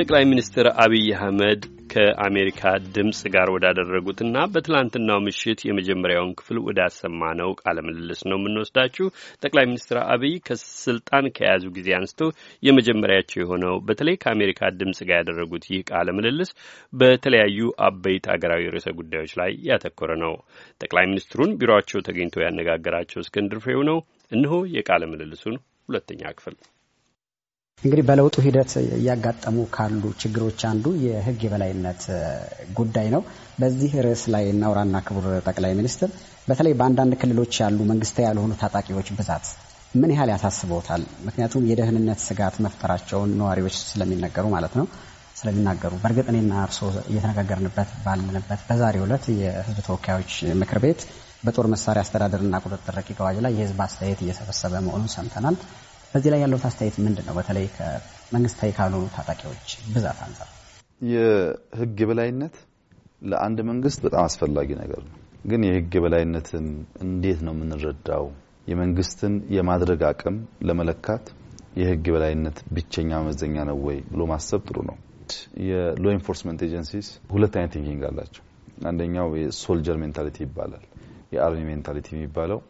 ጠቅላይ ሚኒስትር አብይ አህመድ ከአሜሪካ ድምፅ ጋር ወዳደረጉትና በትላንትናው ምሽት የመጀመሪያውን ክፍል ወዳሰማ ነው ቃለ ምልልስ ነው የምንወስዳችሁ። ጠቅላይ ሚኒስትር አብይ ከስልጣን ከያዙ ጊዜ አንስቶ የመጀመሪያቸው የሆነው በተለይ ከአሜሪካ ድምፅ ጋር ያደረጉት ይህ ቃለ ምልልስ በተለያዩ አበይት አገራዊ ርዕሰ ጉዳዮች ላይ ያተኮረ ነው። ጠቅላይ ሚኒስትሩን ቢሮቸው ተገኝቶ ያነጋገራቸው እስክንድር ፍሬው ነው። እነሆ የቃለ ምልልሱን ሁለተኛ ክፍል እንግዲህ በለውጡ ሂደት እያጋጠሙ ካሉ ችግሮች አንዱ የሕግ የበላይነት ጉዳይ ነው። በዚህ ርዕስ ላይ እናውራና ክቡር ጠቅላይ ሚኒስትር፣ በተለይ በአንዳንድ ክልሎች ያሉ መንግስታዊ ያልሆኑ ታጣቂዎች ብዛት ምን ያህል ያሳስበውታል? ምክንያቱም የደህንነት ስጋት መፍጠራቸውን ነዋሪዎች ስለሚነገሩ ማለት ነው ስለሚናገሩ በእርግጥ እኔና እርስዎ እየተነጋገርንበት ባለንበት በዛሬው ዕለት የህዝብ ተወካዮች ምክር ቤት በጦር መሳሪያ አስተዳደርና ቁጥጥር ረቂቅ አዋጅ ላይ የህዝብ አስተያየት እየሰበሰበ መሆኑን ሰምተናል። በዚህ ላይ ያለው አስተያየት ምንድን ነው? በተለይ ከመንግስታዊ ካልሆኑ ታጣቂዎች ብዛት አንጻር የህግ የበላይነት ለአንድ መንግስት በጣም አስፈላጊ ነገር ነው። ግን የህግ የበላይነትን እንዴት ነው የምንረዳው? የመንግስትን የማድረግ አቅም ለመለካት የህግ የበላይነት ብቸኛ መመዘኛ ነው ወይ ብሎ ማሰብ ጥሩ ነው። የሎ ኢንፎርስመንት ኤጀንሲስ ሁለት አይነት ቲንኪንግ አላቸው። አንደኛው የሶልጀር ሜንታሊቲ ይባላል። የአርሚ ሜንታሊቲ የሚባለው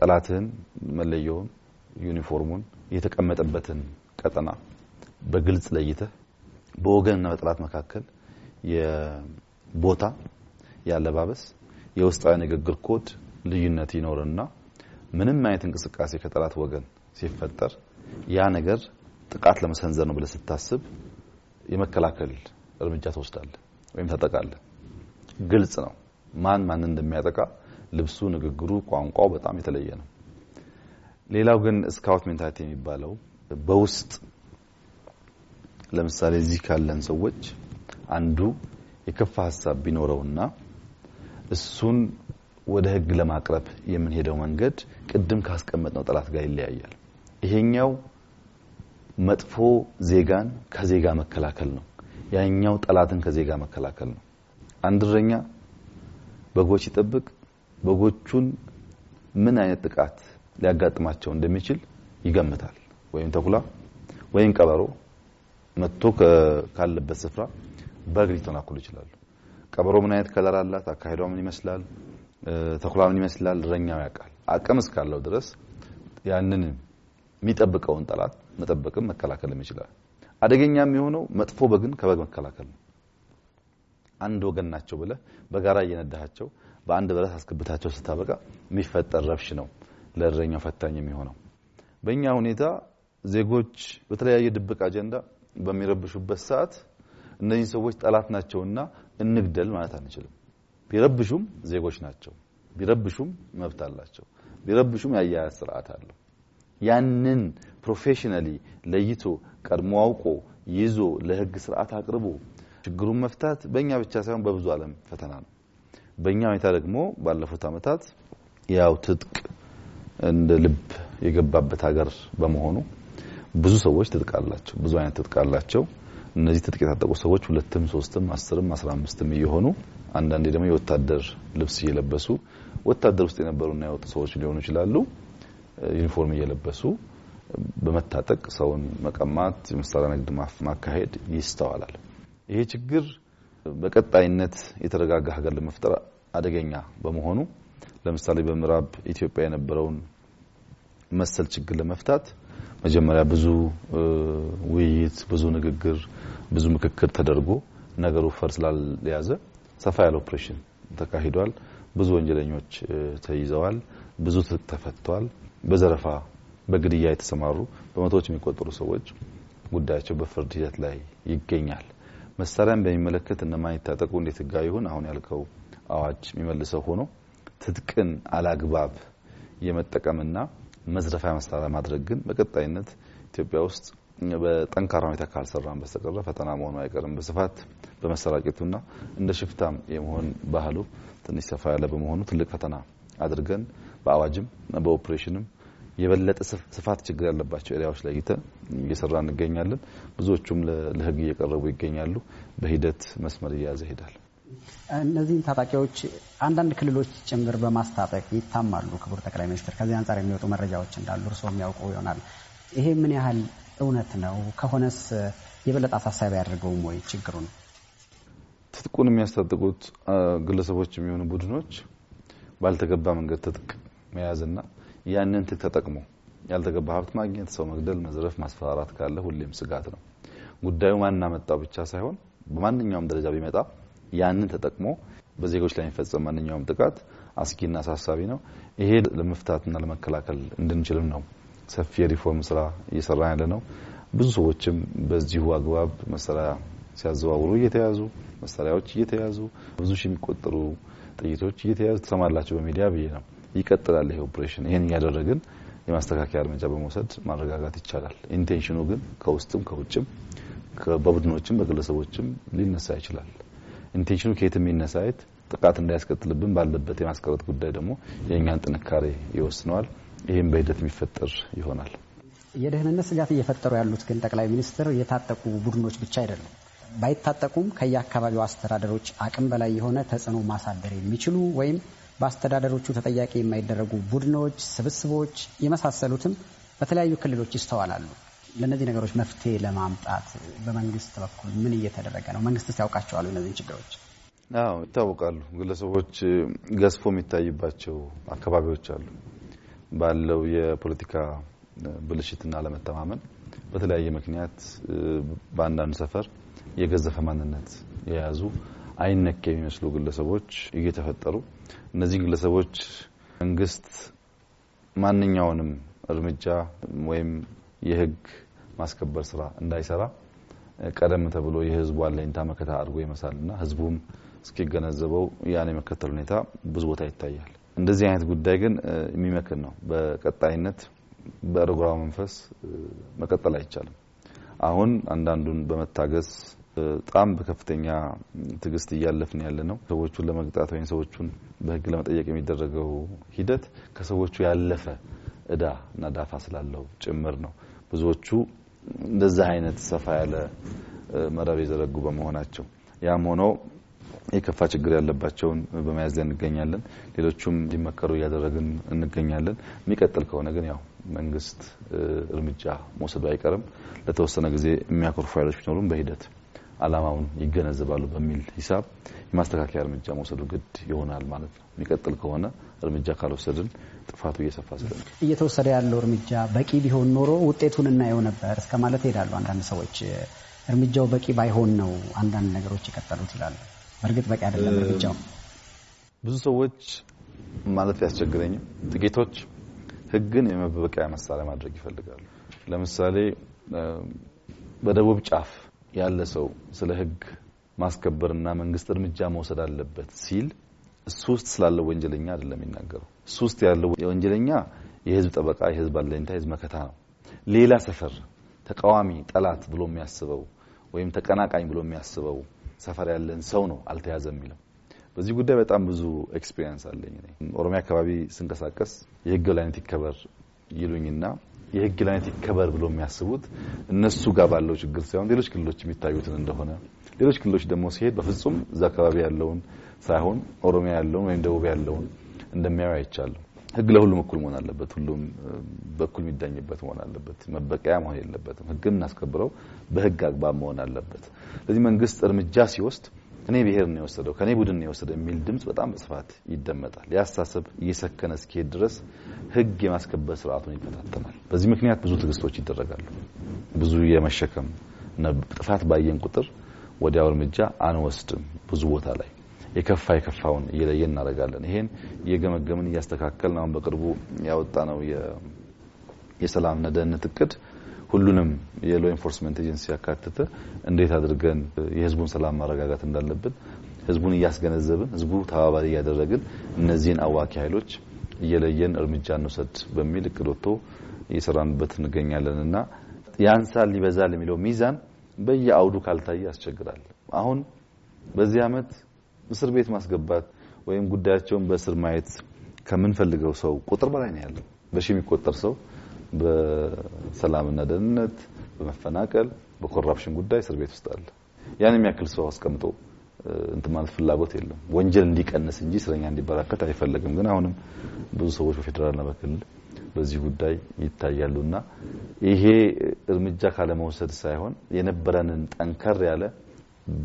ጠላትህን መለየውን ዩኒፎርሙን የተቀመጠበትን ቀጠና በግልጽ ለይተህ በወገንና በጠላት መካከል የቦታ፣ የአለባበስ፣ የውስጣዊ ንግግር ኮድ ልዩነት ይኖርና ምንም አይነት እንቅስቃሴ ከጠላት ወገን ሲፈጠር ያ ነገር ጥቃት ለመሰንዘር ነው ብለህ ስታስብ የመከላከል እርምጃ ትወስዳለህ ወይም ታጠቃለህ። ግልጽ ነው ማን ማንን እንደሚያጠቃ። ልብሱ፣ ንግግሩ፣ ቋንቋው በጣም የተለየ ነው። ሌላው ግን ስካውት ሜንታሊቲ የሚባለው በውስጥ ለምሳሌ እዚህ ካለን ሰዎች አንዱ የከፋ ሀሳብ ቢኖረውና እሱን ወደ ህግ ለማቅረብ የምንሄደው መንገድ ቅድም ካስቀመጥነው ጠላት ጋር ይለያያል። ይሄኛው መጥፎ ዜጋን ከዜጋ መከላከል ነው። ያኛው ጠላትን ከዜጋ መከላከል ነው። አንድ እረኛ በጎች ይጠብቅ፣ በጎቹን ምን አይነት ጥቃት ሊያጋጥማቸው እንደሚችል ይገምታል። ወይም ተኩላ ወይም ቀበሮ መጥቶ ካለበት ስፍራ በግ ሊተናኩል ይችላሉ። ቀበሮ ምን አይነት ከለር አላት፣ አካሄዷ ምን ይመስላል፣ ተኩላ ምን ይመስላል፣ እረኛው ያውቃል። አቅም እስካለው ድረስ ያንን የሚጠብቀውን ጠላት መጠበቅም መከላከልም ይችላል። አደገኛ የሚሆነው መጥፎ በግን ከበግ መከላከል ነው። አንድ ወገን ናቸው ብለህ በጋራ እየነዳሃቸው በአንድ በረት አስገብታቸው ስታበቃ የሚፈጠር ረብሽ ነው። ለእረኛው ፈታኝ የሚሆነው። በእኛ ሁኔታ ዜጎች በተለያየ ድብቅ አጀንዳ በሚረብሹበት ሰዓት እነዚህ ሰዎች ጠላት ናቸውና እንግደል ማለት አንችልም። ቢረብሹም ዜጎች ናቸው። ቢረብሹም መብት አላቸው። ቢረብሹም የአያያዝ ስርዓት አለው። ያንን ፕሮፌሽናሊ ለይቶ ቀድሞ አውቆ ይዞ ለህግ ስርዓት አቅርቦ ችግሩን መፍታት በእኛ ብቻ ሳይሆን በብዙ ዓለም ፈተና ነው። በእኛ ሁኔታ ደግሞ ባለፉት ዓመታት ያው ትጥቅ እንደ ልብ የገባበት ሀገር በመሆኑ ብዙ ሰዎች ትጥቅ አላቸው፣ ብዙ አይነት ትጥቅ አላቸው። እነዚህ ትጥቅ የታጠቁ ሰዎች ሁለትም፣ ሶስትም፣ አስርም፣ አስራ አምስትም እየሆኑ አንዳንዴ ደግሞ የወታደር ልብስ እየለበሱ ወታደር ውስጥ የነበሩና የወጡ ሰዎች ሊሆኑ ይችላሉ። ዩኒፎርም እየለበሱ በመታጠቅ ሰውን መቀማት፣ የመሳሪያ ንግድ ማካሄድ ይስተዋላል። ይሄ ችግር በቀጣይነት የተረጋጋ ሀገር ለመፍጠር አደገኛ በመሆኑ ለምሳሌ በምዕራብ ኢትዮጵያ የነበረውን መሰል ችግር ለመፍታት መጀመሪያ ብዙ ውይይት፣ ብዙ ንግግር፣ ብዙ ምክክር ተደርጎ ነገሩ ፈር ስላልያዘ ሰፋ ያለ ኦፕሬሽን ተካሂዷል። ብዙ ወንጀለኞች ተይዘዋል። ብዙ ተፈቷል። በዘረፋ በግድያ የተሰማሩ በመቶዎች የሚቆጠሩ ሰዎች ጉዳያቸው በፍርድ ሂደት ላይ ይገኛል። መሳሪያን በሚመለከት እነማን ይታጠቁ እንዴት ህጋዊ ይሁን አሁን ያልከው አዋጅ የሚመልሰው ሆኖ ትጥቅን አላግባብ የመጠቀምና መዝረፋ መሳሪያ ማድረግ ግን በቀጣይነት ኢትዮጵያ ውስጥ በጠንካራ ሁኔታ ካልሰራን በስተቀረ ፈተና መሆኑ አይቀርም። በስፋት በመሰራጨቱና እንደ ሽፍታም የመሆን ባህሉ ትንሽ ሰፋ ያለ በመሆኑ ትልቅ ፈተና አድርገን በአዋጅም በኦፕሬሽንም የበለጠ ስፋት ችግር ያለባቸው ኤሪያዎች ለይተን እየሰራ እንገኛለን። ብዙዎቹም ለህግ እየቀረቡ ይገኛሉ። በሂደት መስመር እየያዘ ይሄዳል። እነዚህን ታጣቂዎች አንዳንድ ክልሎች ጭምር በማስታጠቅ ይታማሉ። ክቡር ጠቅላይ ሚኒስትር፣ ከዚህ አንጻር የሚወጡ መረጃዎች እንዳሉ እርስዎ የሚያውቁ ይሆናል። ይሄ ምን ያህል እውነት ነው? ከሆነስ የበለጠ አሳሳቢ ያደርገውም ወይ ችግሩን? ትጥቁን የሚያስታጥቁት ግለሰቦች የሚሆኑ ቡድኖች ባልተገባ መንገድ ትጥቅ መያዝና ያንን ትጥቅ ተጠቅሞ ያልተገባ ሀብት ማግኘት፣ ሰው መግደል፣ መዝረፍ፣ ማስፈራራት ካለ ሁሌም ስጋት ነው። ጉዳዩ ማን ብቻ ሳይሆን በማንኛውም ደረጃ ቢመጣ ያንን ተጠቅሞ በዜጎች ላይ የሚፈጸም ማንኛውም ጥቃት አስጊና አሳሳቢ ነው። ይሄ ለመፍታትና ለመከላከል እንድንችልም ነው ሰፊ የሪፎርም ስራ እየሰራ ያለ ነው። ብዙ ሰዎችም በዚሁ አግባብ መሳሪያ ሲያዘዋውሩ እየተያዙ መሳሪያዎች እየተያዙ ብዙ ሺህ የሚቆጠሩ ጥይቶች እየተያዙ ትሰማላቸው በሚዲያ ብዬ ነው። ይቀጥላል ይሄ ኦፕሬሽን። ይህን እያደረግን የማስተካከያ እርምጃ በመውሰድ ማረጋጋት ይቻላል። ኢንቴንሽኑ ግን ከውስጥም ከውጭም በቡድኖችም በግለሰቦችም ሊነሳ ይችላል። ኢንቴንሽኑ ከየትም ይነሳየት ጥቃት እንዳያስከትልብን ባለበት የማስቀረት ጉዳይ ደግሞ የእኛን ጥንካሬ ይወስነዋል። ይህም በሂደት የሚፈጠር ይሆናል። የደህንነት ስጋት እየፈጠሩ ያሉት ግን ጠቅላይ ሚኒስትር የታጠቁ ቡድኖች ብቻ አይደሉም። ባይታጠቁም ከየአካባቢው አስተዳደሮች አቅም በላይ የሆነ ተጽዕኖ ማሳደር የሚችሉ ወይም በአስተዳደሮቹ ተጠያቂ የማይደረጉ ቡድኖች፣ ስብስቦች የመሳሰሉትም በተለያዩ ክልሎች ይስተዋላሉ። ለእነዚህ ነገሮች መፍትሄ ለማምጣት በመንግስት በኩል ምን እየተደረገ ነው? መንግስትስ ያውቃቸዋሉ እነዚህን ችግሮች? አዎ ይታወቃሉ። ግለሰቦች ገዝፎ የሚታይባቸው አካባቢዎች አሉ። ባለው የፖለቲካ ብልሽትና አለመተማመን በተለያየ ምክንያት በአንዳንድ ሰፈር የገዘፈ ማንነት የያዙ አይነክ የሚመስሉ ግለሰቦች እየተፈጠሩ እነዚህን ግለሰቦች መንግስት ማንኛውንም እርምጃ ወይም የህግ ማስከበር ስራ እንዳይሰራ ቀደም ተብሎ የህዝቡ አለኝታ መከታ አድርጎ ይመሳልና ህዝቡም እስኪገነዘበው ያን የመከተል ሁኔታ ብዙ ቦታ ይታያል። እንደዚህ አይነት ጉዳይ ግን የሚመክን ነው። በቀጣይነት በእርጓ መንፈስ መቀጠል አይቻልም። አሁን አንዳንዱን በመታገስ በጣም በከፍተኛ ትግስት እያለፍን ያለ ነው። ሰዎቹን ለመቅጣት ወይም ሰዎቹን በህግ ለመጠየቅ የሚደረገው ሂደት ከሰዎቹ ያለፈ እዳ እና ዳፋ ስላለው ጭምር ነው። ብዙዎቹ እንደዚህ አይነት ሰፋ ያለ መረብ የዘረጉ በመሆናቸው ያም ሆኖ የከፋ ችግር ያለባቸውን በመያዝ ላይ እንገኛለን። ሌሎቹም እንዲመከሩ እያደረግን እንገኛለን። የሚቀጥል ከሆነ ግን ያው መንግስት እርምጃ መውሰዱ አይቀርም። ለተወሰነ ጊዜ የሚያኮርፉ ኃይሎች ቢኖሩም በሂደት አላማውን ይገነዘባሉ በሚል ሂሳብ የማስተካከያ እርምጃ መውሰዱ ግድ ይሆናል ማለት ነው። የሚቀጥል ከሆነ እርምጃ ካልወሰድን ጥፋቱ እየሰፋ ስለ እየተወሰደ ያለው እርምጃ በቂ ቢሆን ኖሮ ውጤቱን እናየው ነበር እስከ ማለት ይሄዳሉ አንዳንድ ሰዎች። እርምጃው በቂ ባይሆን ነው አንዳንድ ነገሮች የቀጠሉት ይላሉ። በእርግጥ በቂ አይደለም እርምጃው። ብዙ ሰዎች ማለት ያስቸግረኝም፣ ጥቂቶች ህግን የመበቂያ መሳሪያ ማድረግ ይፈልጋሉ። ለምሳሌ በደቡብ ጫፍ ያለ ሰው ስለ ህግ ማስከበርና መንግስት እርምጃ መውሰድ አለበት ሲል እሱ ውስጥ ስላለው ወንጀለኛ አይደለም የሚናገረው። እሱ ውስጥ ያለው ወንጀለኛ የህዝብ ጠበቃ፣ የህዝብ አለኝታ፣ የህዝብ መከታ ነው። ሌላ ሰፈር ተቃዋሚ፣ ጠላት ብሎ የሚያስበው ወይም ተቀናቃኝ ብሎ የሚያስበው ሰፈር ያለን ሰው ነው አልተያዘም የሚለው። በዚህ ጉዳይ በጣም ብዙ ኤክስፒሪየንስ አለኝ። ኦሮሚያ አካባቢ ስንቀሳቀስ የህግ የበላይነት ይከበር ይሉኝና የህግ የበላይነት ይከበር ብሎ የሚያስቡት እነሱ ጋር ባለው ችግር ሳይሆን ሌሎች ክልሎች የሚታዩትን እንደሆነ ሌሎች ክልሎች ደግሞ ሲሄድ በፍጹም እዛ አካባቢ ያለውን ሳይሆን ኦሮሚያ ያለውን ወይም ደቡብ ያለውን እንደሚያዩ አይቻለሁ። ህግ ለሁሉም እኩል መሆን አለበት። ሁሉም በኩል የሚዳኝበት መሆን አለበት። መበቀያ መሆን የለበትም። ህግ እናስከብረው፣ በህግ አግባብ መሆን አለበት። ስለዚህ መንግስት እርምጃ ሲወስድ ከኔ ብሔር ነው የወሰደው ከኔ ቡድን ነው የወሰደው የሚል ድምጽ በጣም በስፋት ይደመጣል። ያሳሰብ እየሰከነ እስኪሄድ ድረስ ህግ የማስከበር ስርዓቱን ይፈታተናል። በዚህ ምክንያት ብዙ ትግስቶች ይደረጋሉ። ብዙ የመሸከም ጥፋት ባየን ቁጥር ወዲያው እርምጃ አንወስድም። ብዙ ቦታ ላይ የከፋ የከፋውን እየለየን እናደርጋለን። ይሄን እየገመገምን እያስተካከልን አሁን በቅርቡ ያወጣነው የሰላም ደህንነት እቅድ ሁሉንም የሎ ኢንፎርስመንት ኤጀንሲ ያካተተ እንዴት አድርገን የህዝቡን ሰላም ማረጋጋት እንዳለብን ህዝቡን እያስገነዘብን ህዝቡ ተባባሪ እያደረግን እነዚህን አዋኪ ኃይሎች እየለየን እርምጃ እንውሰድ በሚል እቅድ ወጥቶ እየሰራንበት እንገኛለን እና ያንሳል ይበዛል የሚለው ሚዛን በየአውዱ ካልታየ ያስቸግራል። አሁን በዚህ ዓመት እስር ቤት ማስገባት ወይም ጉዳያቸውን በእስር ማየት ከምንፈልገው ሰው ቁጥር በላይ ነው ያለው። በሺህ የሚቆጠር ሰው በሰላምና ደህንነት፣ በመፈናቀል፣ በኮራፕሽን ጉዳይ እስር ቤት ውስጥ አለ። ያን የሚያክል ሰው አስቀምጦ እንትን ማለት ፍላጎት የለም። ወንጀል እንዲቀንስ እንጂ እስረኛ እንዲበራከት አይፈለግም። ግን አሁንም ብዙ ሰዎች በፌዴራልና በክልል በዚህ ጉዳይ ይታያሉና ይሄ እርምጃ ካለመውሰድ ሳይሆን የነበረንን ጠንከር ያለ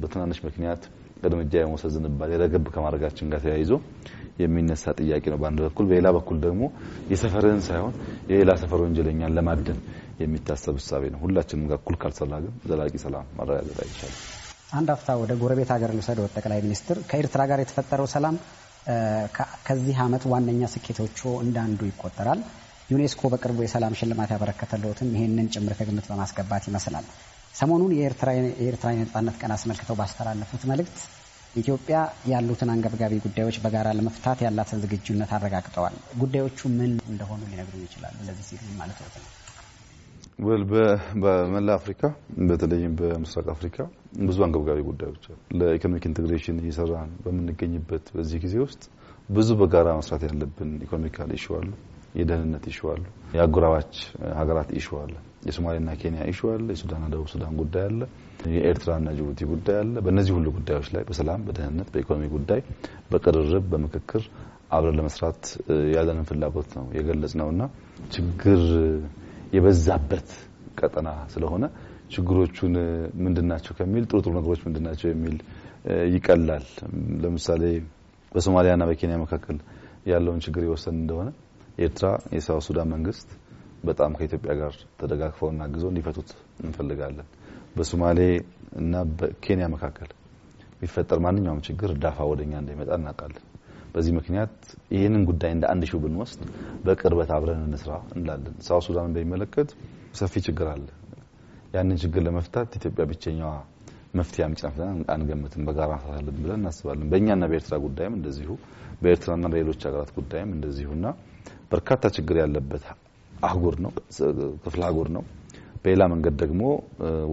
በትናንሽ ምክንያት እርምጃ የመውሰድ ዝንባሌ ረገብ ከማድረጋችን ጋር ተያይዞ የሚነሳ ጥያቄ ነው በአንድ በኩል። በሌላ በኩል ደግሞ የሰፈርህን ሳይሆን የሌላ ሰፈር ወንጀለኛን ለማደን የሚታሰብ እሳቤ ነው። ሁላችንም ጋር እኩል ካልሰራ ግን ዘላቂ ሰላም ማረጋገጥ አይቻልም። አንድ አፍታ ወደ ጎረቤት ሀገር ልውሰድ። ጠቅላይ ሚኒስትር ከኤርትራ ጋር የተፈጠረው ሰላም ከዚህ ዓመት ዋነኛ ስኬቶቹ እንዳንዱ ይቆጠራል። ዩኔስኮ በቅርቡ የሰላም ሽልማት ያበረከተለትም ይህንን ጭምር ከግምት በማስገባት ይመስላል። ሰሞኑን የኤርትራ የነጻነት ቀን አስመልክተው ባስተላለፉት መልእክት ኢትዮጵያ ያሉትን አንገብጋቢ ጉዳዮች በጋራ ለመፍታት ያላትን ዝግጁነት አረጋግጠዋል። ጉዳዮቹ ምን እንደሆኑ ሊነግሩ ይችላሉ? እንደዚህ ሲል ማለት ነው። በመላ አፍሪካ በተለይም በምስራቅ አፍሪካ ብዙ አንገብጋቢ ጉዳዮች አሉ። ለኢኮኖሚክ ኢንቴግሬሽን እየሰራን በምንገኝበት በዚህ ጊዜ ውስጥ ብዙ በጋራ መስራት ያለብን ኢኮኖሚካል ኢሹ አሉ። የደህንነት ኢሹ አለ፣ የአጎራባች ሀገራት ኢሹ አለ፣ የሶማሌና ኬንያ ኢሹ አለ፣ የሱዳንና ደቡብ ሱዳን ጉዳይ አለ፣ የኤርትራና ጅቡቲ ጉዳይ አለ። በእነዚህ ሁሉ ጉዳዮች ላይ በሰላም በደህንነት፣ በኢኮኖሚ ጉዳይ በቅርርብ በምክክር አብረን ለመስራት ያለንን ፍላጎት ነው የገለጽ ነውና ችግር የበዛበት ቀጠና ስለሆነ ችግሮቹን ምንድናቸው ከሚል ጥሩ ጥሩ ነገሮች ምንድናቸው የሚል ይቀላል። ለምሳሌ በሶማሊያና በኬንያ መካከል ያለውን ችግር የወሰን እንደሆነ ኤርትራ የሳው ሱዳን መንግስት በጣም ከኢትዮጵያ ጋር ተደጋግፈውና አግዘው እንዲፈቱት እንፈልጋለን። በሶማሌ እና በኬንያ መካከል ቢፈጠር ማንኛውም ችግር ዳፋ ወደኛ እንደሚመጣ እናውቃለን። በዚህ ምክንያት ይህንን ጉዳይ እንደ አንድ ሺው ብንወስድ በቅርበት አብረን እንስራ እንላለን። ሳው ሱዳን በሚመለከት ሰፊ ችግር አለ። ያንን ችግር ለመፍታት ኢትዮጵያ ብቸኛዋ መፍትሄ አምጪ ናት ብለን አንገምትም። በጋራ እንፈታለን ብለን እናስባለን። በእኛና በኤርትራ ጉዳይም እንደዚሁ፣ በኤርትራና በሌሎች ሀገራት ጉዳይም እንደዚሁና በርካታ ችግር ያለበት አህጉር ነው፣ ክፍለ አህጉር ነው። በሌላ መንገድ ደግሞ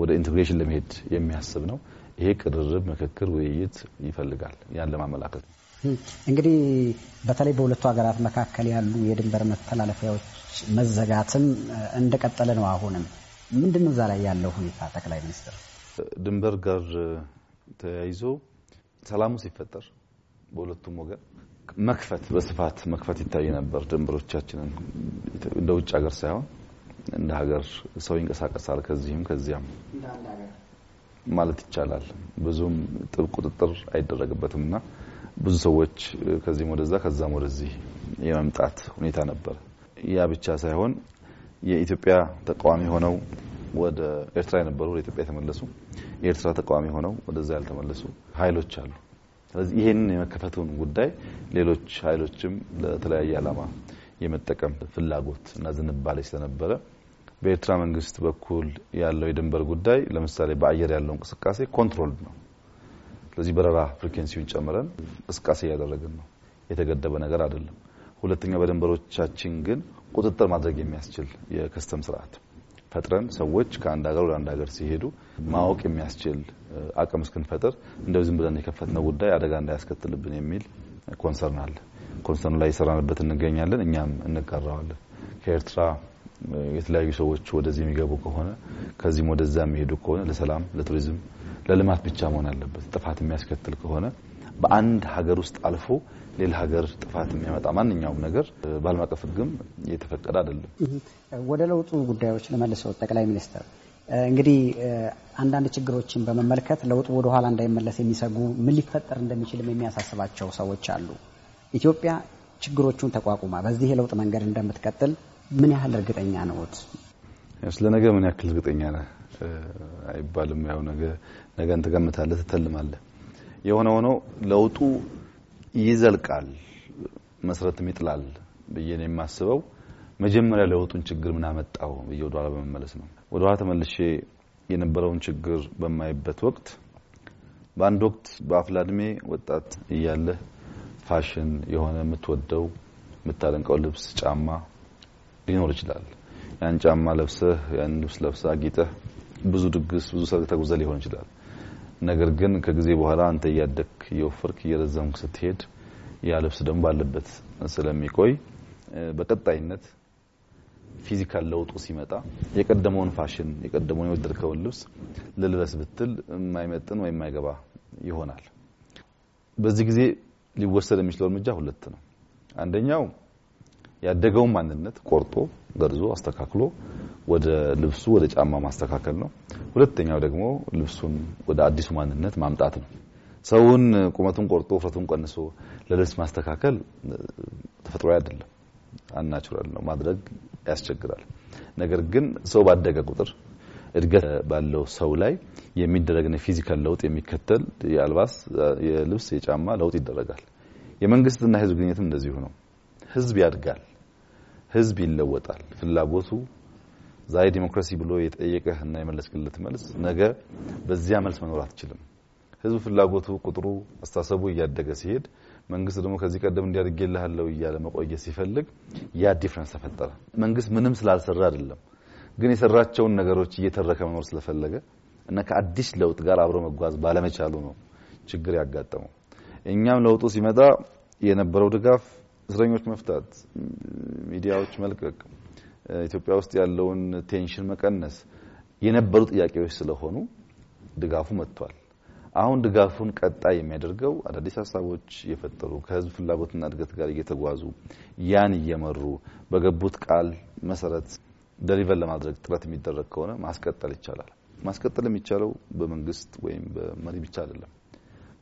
ወደ ኢንቴግሬሽን ለመሄድ የሚያስብ ነው። ይሄ ቅርርብ፣ ምክክር፣ ውይይት ይፈልጋል። ያን ለማመላከት ነው። እንግዲህ በተለይ በሁለቱ ሀገራት መካከል ያሉ የድንበር መተላለፊያዎች መዘጋትም እንደቀጠለ ነው። አሁንም ምንድን ነው እዛ ላይ ያለው ሁኔታ? ጠቅላይ ሚኒስትር ድንበር ጋር ተያይዞ ሰላሙ ሲፈጠር በሁለቱም ወገን መክፈት በስፋት መክፈት ይታይ ነበር። ድንበሮቻችንን እንደ ውጭ ሀገር ሳይሆን እንደ ሀገር ሰው ይንቀሳቀሳል ከዚህም ከዚያም ማለት ይቻላል። ብዙም ጥብቅ ቁጥጥር አይደረግበትም እና ብዙ ሰዎች ከዚህም ወደዛ ከዛም ወደዚህ የመምጣት ሁኔታ ነበር። ያ ብቻ ሳይሆን የኢትዮጵያ ተቃዋሚ ሆነው ወደ ኤርትራ የነበሩ ወደ ኢትዮጵያ የተመለሱ፣ የኤርትራ ተቃዋሚ ሆነው ወደዛ ያልተመለሱ ኃይሎች አሉ። ስለዚህ ይሄንን የመከፈቱን ጉዳይ ሌሎች ኃይሎችም ለተለያየ አላማ የመጠቀም ፍላጎት እና ዝንባሌ ስለነበረ በኤርትራ መንግስት በኩል ያለው የድንበር ጉዳይ ለምሳሌ በአየር ያለው እንቅስቃሴ ኮንትሮልድ ነው። ስለዚህ በረራ ፍሪኬንሲውን ጨምረን እንቅስቃሴ እያደረግን ነው። የተገደበ ነገር አይደለም። ሁለተኛ በድንበሮቻችን ግን ቁጥጥር ማድረግ የሚያስችል የከስተም ስርዓት ፈጥረን ሰዎች ከአንድ ሀገር ወደ አንድ ሀገር ሲሄዱ ማወቅ የሚያስችል አቅም እስክንፈጥር እንደው ዝም ብለን የከፈትነው ጉዳይ አደጋ እንዳያስከትልብን የሚል ኮንሰርን አለ። ኮንሰርኑ ላይ የሰራንበት እንገኛለን። እኛም እንቀራዋለን። ከኤርትራ የተለያዩ ሰዎች ወደዚህ የሚገቡ ከሆነ ከዚህም ወደዛ የሚሄዱ ከሆነ ለሰላም፣ ለቱሪዝም፣ ለልማት ብቻ መሆን አለበት። ጥፋት የሚያስከትል ከሆነ በአንድ ሀገር ውስጥ አልፎ ሌላ ሀገር ጥፋት የሚያመጣ ማንኛውም ነገር በዓለም አቀፍ ሕግም የተፈቀደ አይደለም። ወደ ለውጡ ጉዳዮች ለመልሰው ጠቅላይ ሚኒስትር እንግዲህ አንዳንድ ችግሮችን በመመልከት ለውጡ ወደኋላ እንዳይመለስ የሚሰጉ ምን ሊፈጠር እንደሚችልም የሚያሳስባቸው ሰዎች አሉ። ኢትዮጵያ ችግሮቹን ተቋቁማ በዚህ የለውጥ መንገድ እንደምትቀጥል ምን ያህል እርግጠኛ ነዎት? ስለ ነገ ምን ያክል እርግጠኛ ነህ አይባልም። ያው ነገ ነገን ትገምታለህ፣ ትተልማለህ። የሆነ ሆኖ ለውጡ ይዘልቃል፣ መሰረትም ይጥላል ብዬ ነው የማስበው። መጀመሪያ ለውጡን ችግር ምን አመጣው ብዬ ወደኋላ በመመለስ ነው። ወደኋላ ተመልሼ የነበረውን ችግር በማይበት ወቅት በአንድ ወቅት በአፍላ እድሜ ወጣት እያለህ ፋሽን የሆነ የምትወደው የምታደንቀው ልብስ፣ ጫማ ሊኖር ይችላል። ያን ጫማ ለብሰህ ያን ልብስ ለብሰህ አጊጠህ ብዙ ድግስ፣ ብዙ ሰርግ ተጉዘህ ሊሆን ይችላል። ነገር ግን ከጊዜ በኋላ አንተ እያደግክ እየወፈርክ እየረዘምክ ስትሄድ ያ ልብስ ደግሞ ባለበት ስለሚቆይ በቀጣይነት ፊዚካል ለውጡ ሲመጣ የቀደመውን ፋሽን የቀደመውን የወደድከውን ልብስ ልልበስ ብትል የማይመጥን ወይም የማይገባ ይሆናል። በዚህ ጊዜ ሊወሰድ የሚችለው እርምጃ ሁለት ነው። አንደኛው ያደገውን ማንነት ቆርጦ ገርዞ አስተካክሎ ወደ ልብሱ ወደ ጫማ ማስተካከል ነው። ሁለተኛው ደግሞ ልብሱን ወደ አዲሱ ማንነት ማምጣት ነው። ሰውን ቁመቱን ቆርጦ ውፍረቱን ቀንሶ ለልብስ ማስተካከል ተፈጥሮ አይደለም፣ አናቹራል ነው። ማድረግ ያስቸግራል። ነገር ግን ሰው ባደገ ቁጥር እድገት ባለው ሰው ላይ የሚደረግ ፊዚካል ለውጥ የሚከተል የአልባስ የልብስ የጫማ ለውጥ ይደረጋል። የመንግስትና የህዝብ ግንኙነትም እንደዚሁ ነው። ህዝብ ያድጋል። ህዝብ ይለወጣል። ፍላጎቱ ዛሬ ዲሞክራሲ ብሎ የጠየቀህ እና የመለስክለት መልስ ነገ በዚያ መልስ መኖር አትችልም። ህዝብ ፍላጎቱ፣ ቁጥሩ፣ አስተሳሰቡ እያደገ ሲሄድ መንግስት ደግሞ ከዚህ ቀደም እንዲያድርግልሃለሁ እያለ መቆየት ሲፈልግ ያ ዲፍረንስ ተፈጠረ። መንግስት ምንም ስላልሰራ አይደለም፣ ግን የሰራቸውን ነገሮች እየተረከ መኖር ስለፈለገ እና ከአዲስ ለውጥ ጋር አብሮ መጓዝ ባለመቻሉ ነው ችግር ያጋጠመው። እኛም ለውጡ ሲመጣ የነበረው ድጋፍ እስረኞች መፍታት፣ ሚዲያዎች መልቀቅ፣ ኢትዮጵያ ውስጥ ያለውን ቴንሽን መቀነስ የነበሩ ጥያቄዎች ስለሆኑ ድጋፉ መጥቷል። አሁን ድጋፉን ቀጣይ የሚያደርገው አዳዲስ ሀሳቦች እየፈጠሩ ከህዝብ ፍላጎትና እድገት ጋር እየተጓዙ ያን እየመሩ በገቡት ቃል መሰረት ደሊቨር ለማድረግ ጥረት የሚደረግ ከሆነ ማስቀጠል ይቻላል። ማስቀጠል የሚቻለው በመንግስት ወይም በመሪ ብቻ አይደለም።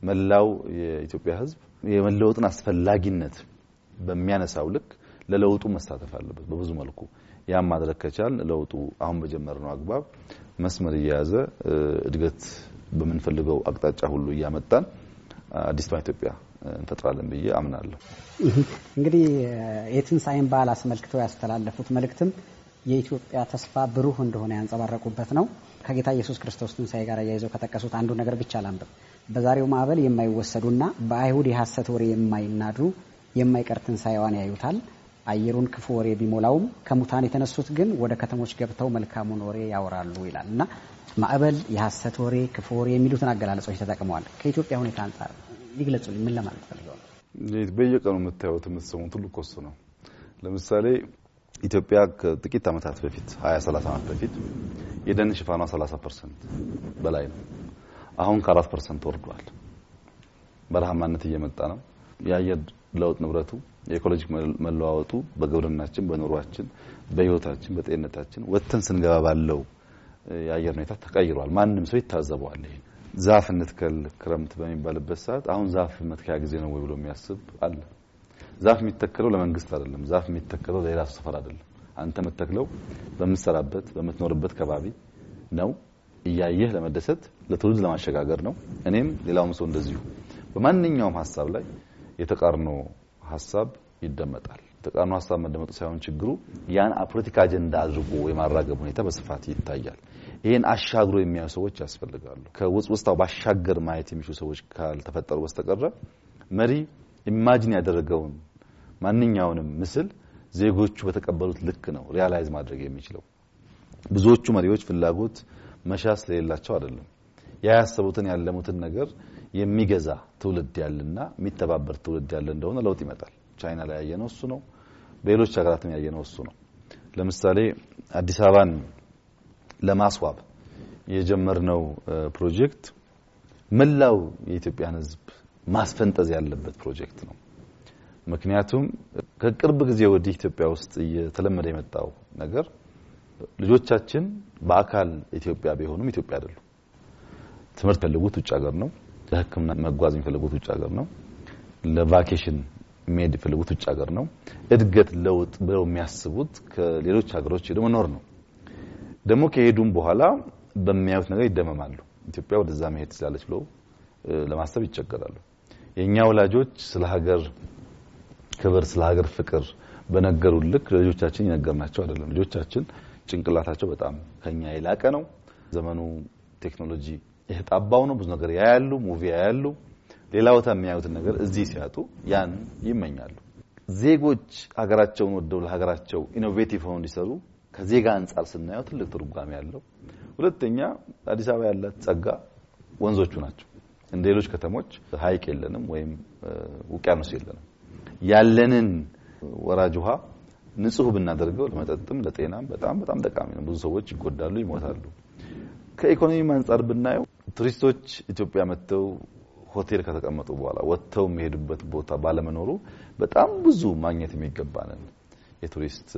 መላው የኢትዮጵያ ህዝብ የመለወጥን አስፈላጊነት በሚያነሳው ልክ ለለውጡ መሳተፍ አለበት በብዙ መልኩ። ያም ማድረግ ከቻል ለውጡ አሁን በጀመርነው አግባብ መስመር እየያዘ እድገት በምንፈልገው አቅጣጫ ሁሉ እያመጣን አዲስ ኢትዮጵያ እንፈጥራለን ብዬ አምናለሁ። እንግዲህ የትንሳኤን በዓል አስመልክተው ያስተላለፉት መልእክትም የኢትዮጵያ ተስፋ ብሩህ እንደሆነ ያንጸባረቁበት ነው። ከጌታ ኢየሱስ ክርስቶስ ትንሳኤ ጋር አያይዘው ከጠቀሱት አንዱ ነገር ብቻ ላንብብ። በዛሬው ማዕበል የማይወሰዱና በአይሁድ የሐሰት ወሬ የማይናዱ የማይቀር ትንሣኤዋን ያዩታል። አየሩን ክፉ ወሬ ቢሞላውም ከሙታን የተነሱት ግን ወደ ከተሞች ገብተው መልካሙን ወሬ ያወራሉ ይላል እና ማዕበል፣ የሐሰት ወሬ፣ ክፉ ወሬ የሚሉትን አገላለጾች ተጠቅመዋል። ከኢትዮጵያ ሁኔታ አንጻር ይግለጹልኝ። ምን ለማለት ፈልገው ነው? በየቀኑ የምታዩት የምትሰሙት ሁሉ ኮሱ ነው። ለምሳሌ ኢትዮጵያ ከጥቂት ዓመታት በፊት 20 30 ዓመት በፊት የደን ሽፋኗ 30% በላይ ነው። አሁን ከ4% ወርዷል። በረሃማነት እየመጣ ነው። የአየር ለውጥ ንብረቱ የኢኮሎጂክ መለዋወጡ በግብርናችን፣ በኑሯችን፣ በህይወታችን፣ በጤንነታችን ወጥተን ስንገባ ባለው የአየር ሁኔታ ተቀይሯል። ማንም ሰው ይታዘበዋል። ይሄ ዛፍ እንትከል ክረምት በሚባልበት ሰዓት አሁን ዛፍ መትከያ ጊዜ ነው ወይ ብሎ የሚያስብ አለ። ዛፍ የሚተከለው ለመንግስት አይደለም። ዛፍ የሚተከለው ለሌላ ሰፈር አይደለም። አንተ የምትተክለው በምትሰራበት በምትኖርበት ከባቢ ነው። እያየህ ለመደሰት ለትውልድ ለማሸጋገር ነው። እኔም ሌላውም ሰው እንደዚሁ በማንኛውም ሀሳብ ላይ የተቃርኖ ሀሳብ ይደመጣል። የተቃርኖ ሀሳብ መደመጡ ሳይሆን ችግሩ ያን ፖለቲካ አጀንዳ አድርጎ የማራገብ ሁኔታ በስፋት ይታያል። ይህን አሻግሮ የሚያዩ ሰዎች ያስፈልጋሉ። ከውስጣው ባሻገር ማየት የሚችሉ ሰዎች ካልተፈጠሩ በስተቀረ መሪ ኢማጂን ያደረገውን ማንኛውንም ምስል ዜጎቹ በተቀበሉት ልክ ነው ሪያላይዝ ማድረግ የሚችለው። ብዙዎቹ መሪዎች ፍላጎት መሻ ስለሌላቸው አይደለም። ያያሰቡትን ያለሙትን ነገር የሚገዛ ትውልድ ያለና የሚተባበር ትውልድ ያለ እንደሆነ ለውጥ ይመጣል። ቻይና ላይ ያየነው እሱ ነው። በሌሎች ሀገራትም ያየነው እሱ ነው። ለምሳሌ አዲስ አበባን ለማስዋብ የጀመርነው ፕሮጀክት መላው የኢትዮጵያን ሕዝብ ማስፈንጠዝ ያለበት ፕሮጀክት ነው። ምክንያቱም ከቅርብ ጊዜ ወዲህ ኢትዮጵያ ውስጥ እየተለመደ የመጣው ነገር ልጆቻችን በአካል ኢትዮጵያ ቢሆኑም ኢትዮጵያ አይደሉም። ትምህርት ያለጉት ውጭ ሀገር ነው። ለህክምና መጓዝ የሚፈልጉት ውጭ ሀገር ነው። ለቫኬሽን ሜድ የሚፈልጉት ውጭ ሀገር ነው። እድገት፣ ለውጥ ብለው የሚያስቡት ከሌሎች ሀገሮች ሄዶ መኖር ነው። ደግሞ ከሄዱም በኋላ በሚያዩት ነገር ይደመማሉ። ኢትዮጵያ ወደዛ መሄድ ስላለች ብለው ለማሰብ ይቸገራሉ። የእኛ ወላጆች ስለ ሀገር ክብር፣ ስለ ሀገር ፍቅር በነገሩ ልክ ለልጆቻችን የነገርናቸው አይደለም። ልጆቻችን ጭንቅላታቸው በጣም ከኛ የላቀ ነው። ዘመኑ ቴክኖሎጂ የተጣባው ነው። ብዙ ነገር ያያሉ፣ ሙቪ ያያሉ። ሌላ ቦታ የሚያዩትን ነገር እዚህ ሲያጡ ያን ይመኛሉ። ዜጎች ሀገራቸውን ወደው ለሀገራቸው ኢኖቬቲቭ ሆነው እንዲሰሩ ከዜጋ አንጻር ስናየው ትልቅ ትርጓሜ ያለው። ሁለተኛ አዲስ አበባ ያላት ጸጋ ወንዞቹ ናቸው። እንደ ሌሎች ከተሞች ሀይቅ የለንም ወይም ውቅያኖስ የለንም። ያለንን ወራጅ ውሃ ንጹህ ብናደርገው ለመጠጥም ለጤናም በጣም በጣም ጠቃሚ ነው። ብዙ ሰዎች ይጎዳሉ፣ ይሞታሉ። ከኢኮኖሚ አንጻር ብናየው ቱሪስቶች ኢትዮጵያ መጥተው ሆቴል ከተቀመጡ በኋላ ወጥተው የሚሄዱበት ቦታ ባለመኖሩ በጣም ብዙ ማግኘት የሚገባንን የቱሪስት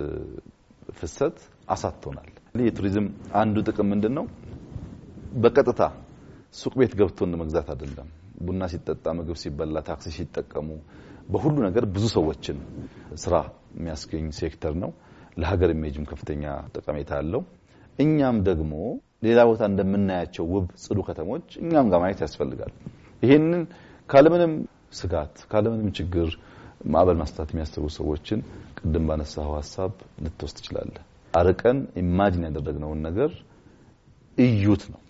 ፍሰት አሳጥቶናል። የቱሪዝም አንዱ ጥቅም ምንድን ነው? በቀጥታ ሱቅ ቤት ገብቶ መግዛት አይደለም። ቡና ሲጠጣ፣ ምግብ ሲበላ፣ ታክሲ ሲጠቀሙ፣ በሁሉ ነገር ብዙ ሰዎችን ስራ የሚያስገኝ ሴክተር ነው። ለሀገር ኢሜጅም ከፍተኛ ጠቀሜታ አለው። እኛም ደግሞ ሌላ ቦታ እንደምናያቸው ውብ ጽዱ ከተሞች እኛም ጋር ማየት ያስፈልጋል። ይሄንን ካለምንም ስጋት ካለምንም ችግር ማዕበል ማስታት የሚያስቡ ሰዎችን ቅድም ባነሳው ሀሳብ ልትወስድ ትችላለህ። አርቀን ኢማጂን ያደረግነውን ነገር እዩት ነው።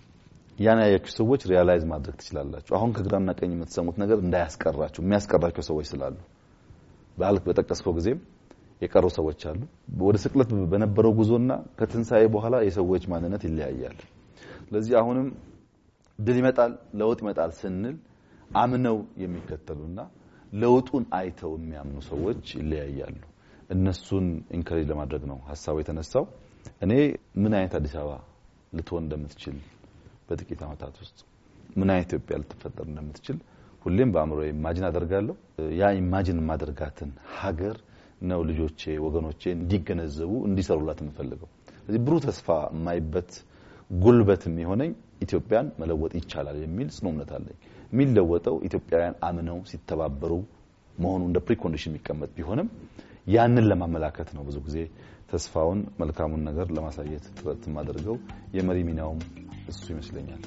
ያን ያያችሁ ሰዎች ሪያላይዝ ማድረግ ትችላላችሁ። አሁን ከግራና ቀኝ የምትሰሙት ነገር እንዳያስቀራችሁ የሚያስቀራቸው ሰዎች ስላሉ ባልክ በጠቀስከው ጊዜም የቀሩ ሰዎች አሉ። ወደ ስቅለት በነበረው ጉዞና ከትንሳኤ በኋላ የሰዎች ማንነት ይለያያል። ስለዚህ አሁንም ድል ይመጣል፣ ለውጥ ይመጣል ስንል አምነው የሚከተሉና ለውጡን አይተው የሚያምኑ ሰዎች ይለያያሉ። እነሱን ኢንከሬጅ ለማድረግ ነው ሀሳቡ የተነሳው። እኔ ምን አይነት አዲስ አበባ ልትሆን እንደምትችል በጥቂት ዓመታት ውስጥ ምን አይነት ኢትዮጵያ ልትፈጠር እንደምትችል ሁሌም በአእምሮ ኢማጂን አደርጋለሁ። ያ ኢማጂን ማደርጋትን ሀገር ነው ልጆቼ ወገኖቼ እንዲገነዘቡ እንዲሰሩላት የምፈልገው። ስለዚህ ብሩህ ተስፋ የማይበት ጉልበት የሚሆነኝ ኢትዮጵያን መለወጥ ይቻላል የሚል ጽኑ እምነት አለኝ። የሚለወጠው ኢትዮጵያውያን አምነው ሲተባበሩ መሆኑ እንደ ፕሪኮንዲሽን የሚቀመጥ ቢሆንም ያንን ለማመላከት ነው ብዙ ጊዜ ተስፋውን መልካሙን ነገር ለማሳየት ጥረት የማደርገው። የመሪ ሚናውም እሱ ይመስለኛል።